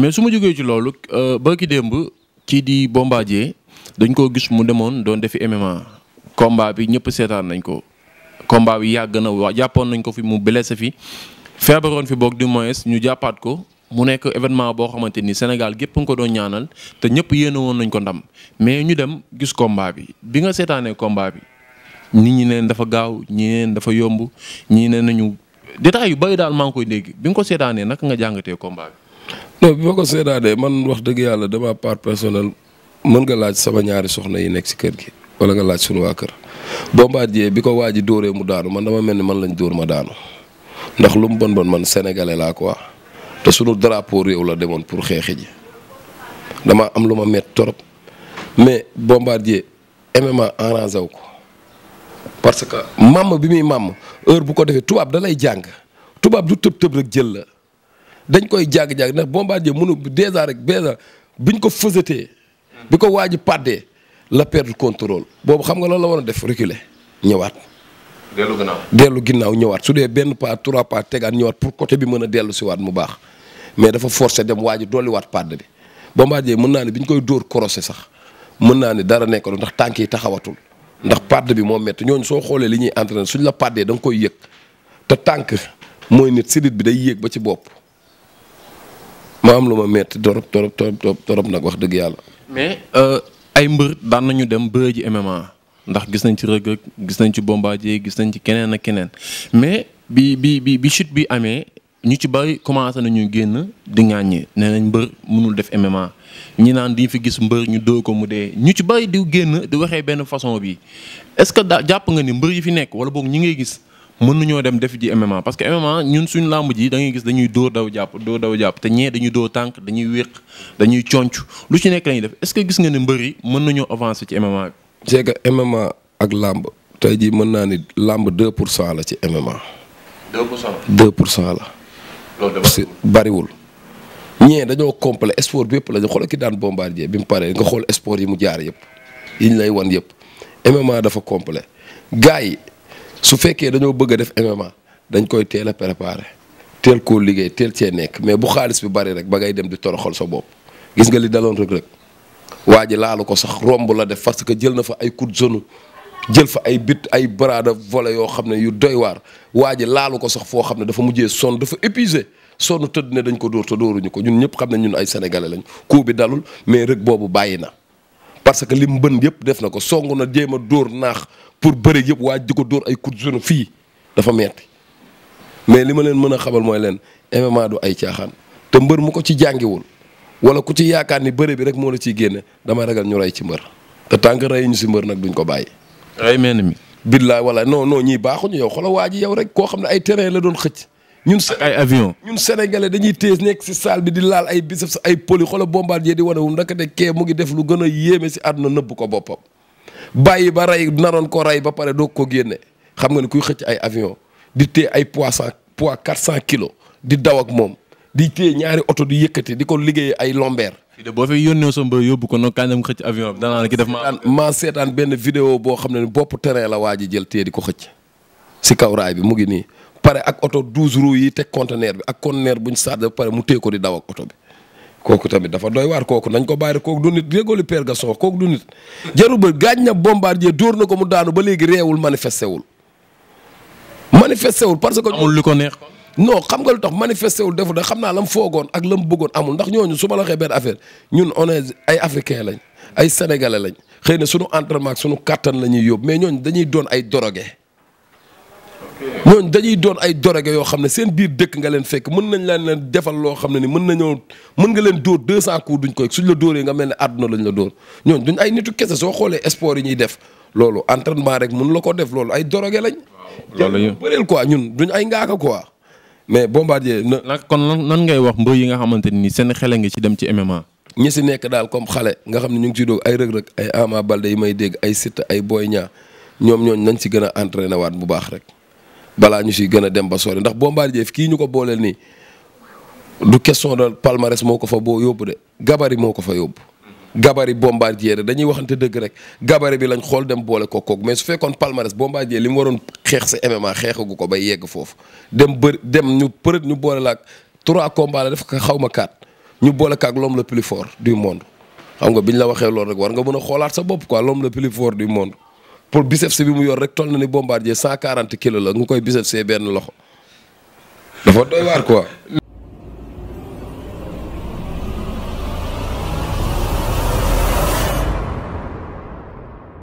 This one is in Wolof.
mais su ma jógee ci loolu euh, ba ki démb kii di Bombardier dañ koo gis mu demoon doon defi MMA komba bi ñëpp seetaan nañ ko combat bi yàgg na wax jàppoon nañ ko fi mu blessé fi feebaroon fi boog di moins ñu jàppaat ko mu nekk événement boo xamante ni Sénégal gépp nga ko doon ñaanal te ñëpp yéene woon nañ ko ndam mais ñu dem gis combat bi bi nga seetaanee combat bi nit ñi neen dafa gaaw ñi neen dafa yomb ñi ne nañu détails yu bari daal maa ngi koy dégg bi nga ko seetaanee naka nga jàngatee combat non bi ma ko de man wax dëgg yàlla dama part personnel mën nga laaj sama ñaari soxna yi nekk si kër gi wala nga laaj sunu waa kër Bombardier bi ko waa ji dóoree mu daanu man dama mel ni man lañ dóor ma daanu ndax lu mu bon bon man sénégalais laa quoi te sunu drapeau réew la demoon pour xeexi ji am lu ma mett torop mais Bombardier MMA wu ko parce que màmm bi muy màmm heure bu ko defee tubaab da lay jàng tubaab du tëb tëb rek jël la. dañ koy jàgg-jàgg ndax bombardier mënu dèjà rek dèjà biñ ko fësatee bi ko waaj a pàddee la perdre contrôle boobu xam nga loolu la war a def reculer ñëwaat. dellu ginnaaw dellu ginnaaw ñëwaat su dee benn pas trois pas tegaat ñëwaat pour côté bi mën a dellu si waat mu baax mais dafa forcé dem waaj a dolliwaat pàdd bi. bombardier mën naa ne bi ñu koy dóor crossé sax mën naa ne dara nekkoon ndax tànk yi taxawatul ndax pàdd bi moo métti ñooñu soo xoolee li ñuy entraîné suñ la pàddee da koy yëg te tànk mooy nit sidit bi day yéeg ba ci bopp. ma am lu ma metti torop torop torop torop nag wax dëgg yàlla. mais euh, ay mbër daan ñu dem bëre ji MMA ndax gis nañ ci Reug gis nañ ci Bombardier gis nañ ci keneen ak keneen mais bi bi bi bi chute bi amee ñu ci bari commencé nañu génn di ŋàññi nee nañ mbër mënul def MMA ñi naan di fi gis mbër ñu dóor ko mu dee ñu ci bari di génn di waxee benn façon bi est-ce que daa jàpp nga ni mbër yi fi nekk wala boog ñi ngay gis. mën nañoo dem def ji MMA parce que MMA ñun suñu làmb ji da gis dañuy dóor daw jàpp dóor daw jàpp te ñee dañuy dóor tànk dañuy wéq dañuy conc lu ci nekk lañuy def est-ce que gis nga ne mbër yi mën nañoo avancer ci MMA bi. ak làmb tey jii mën naa ni làmb 2 pour cent la ci MMA. 2 pour cent cent la. loolu dafa bariwul. ñee dañoo complet sport bi yëpp la ñu xool ki daan bombardier bi mu paree nga xool sport yi mu jaar yëpp yi ñu lay wan yëpp MMA dafa complet gars yi su fekkee dañoo bëgg a def MMA dañ koy teel préparé teel ko liggéey teel cee nekk mais bu xaalis bi bari rek ba ngay dem di toroxal sa bopp gis nga li daloon rek rek waa laalu ko sax romb la def parce que jël na fa ay coup de jël fa ay bit ay baraada de volet yoo xam ne yu doy waar waa laalu ko sax foo xam ne dafa mujjee sonn dafa épuisé sonn tëdd ne dañ ko dóor te dóoruñu ko ñun ñëpp xam ne ñun ay sénégalais lañ coup bi dalul mais rek boobu bàyyi na. parce que lim mbën yëpp def na ko song na jéem a dóor naax pour bëri yëpp waa di ko dóor ay coups de fii dafa metti mais li ma leen mën a xamal mooy leen MMA du ay caaxaan te mbër mu ko ci jàngiwul wala ku ci yaakaar ni bëre bi rek moo la ciy génne damay ragal ñu rey ci mbër te tànk rey ñu si mbër nag duñ ko bàyyi. ay mel ni mi. billaay wala noo non ñii baaxuñu yow xoolal waa yow rek koo xam ne ay terrain la doon xëcc ñun ay avion ñun sénégalais dañuy tees nekk si salle bi di laal ay biceps ay poli xola bombardier di wane wu ndakate kee mu ngi def lu gën a yéeme si na nëbb ko boppam bàyyi ba rey naroon ko rey ba pare doog ko génne xam nga ne kuy xëcc ay avion di téye ay pois cent poids quatre cent kilos di daw ak moom di téye ñaari oto di yëkkati di ko liggéey ay lombeer boo fi yónnee sa mbër yóbbu ko nag kañ dem xëcc avion bi danaa def ma maa seetaan benn vidéo boo xam ne bopp terrain la waa ji jël téye di ko xëcc si kaw raay mu ngi nii pare ak oto douze roues yi te conteneur bi ak conteneur bu ñu chargé ba pare mu téye ko di daw ak oto bi kooku tamit dafa doy waar kooku nañ ko bàyyi rek kooku du nit régoolu Père Gaston kooku du nit jarul ba gaañ na bombardier dóor na ko mu daanu ba léegi reewul manifesté wul manifesté wul parce que amul lu ko neex non xam nga lu tax manifesté wul defu da xam naa la mu foogoon ak la mu bëggoon amul ndax ñooñu su ma la waxee benn affaire ñun on est ay africain lañ ay sénégalais lañ xëy na sunu entraînement sunu kattan la ñuy yóbbu mais ñooñu dañuy doon ay drogué ñooñu dañuy doon ay dorogé yoo xam ne seen biir dëkk nga leen fekk mën nañ leen leen defal loo xam ne ni mën nañoo mën nga leen dóor deux cent coups duñ koy suñ la dóoree nga mel ne àdduna lañ la dóor ñooñu duñ ay nitu kese soo xoolee sport yi ñuy def loolu entraînement rek mun la ko def loolu ay dorogé lañ. loolu bëreel quoi ñun duñ ay ngaaka quoi. mais bombardier na. kon nan ngay wax mbër yi nga xamante ni seen xele ngi ci dem ci MMA. ñi si nekk daal comme xale nga xam ne ñu ngi ciy doog ay rëg-rëg ay Ama Baldé yi may dégg ay Siteu ay Boy ñaa ñoom ñooñu nañ si gën a entraîné waat bu baax rek balaa ñu si gën a dem ba sori ndax Bombardier kii ñu ko booleel nii du question de palmarès moo ko fa boo yóbbu de gabari moo ko fa yóbbu. gabari Bombardier de dañuy waxante dëgg rek gabari bi lañ xool dem boole ko koog mais su fekkoon palmarès Bombardier li mu waroon xeex sa MMA xeexagu ko bay yegg foofu dem bër dem ñu përët ñu boole laak trois combats la def ko xaw ma kaat ñu boole kaak l'homme le plus fort du monde. xam nga biñ la waxee loolu rek war nga mën a xoolaat sa bopp quoi l'homme le pour biceps bi mu yor rek toll na ni bombardier cent quarante kilos la nga koy biceps benn loxo dafa doy waar quoi.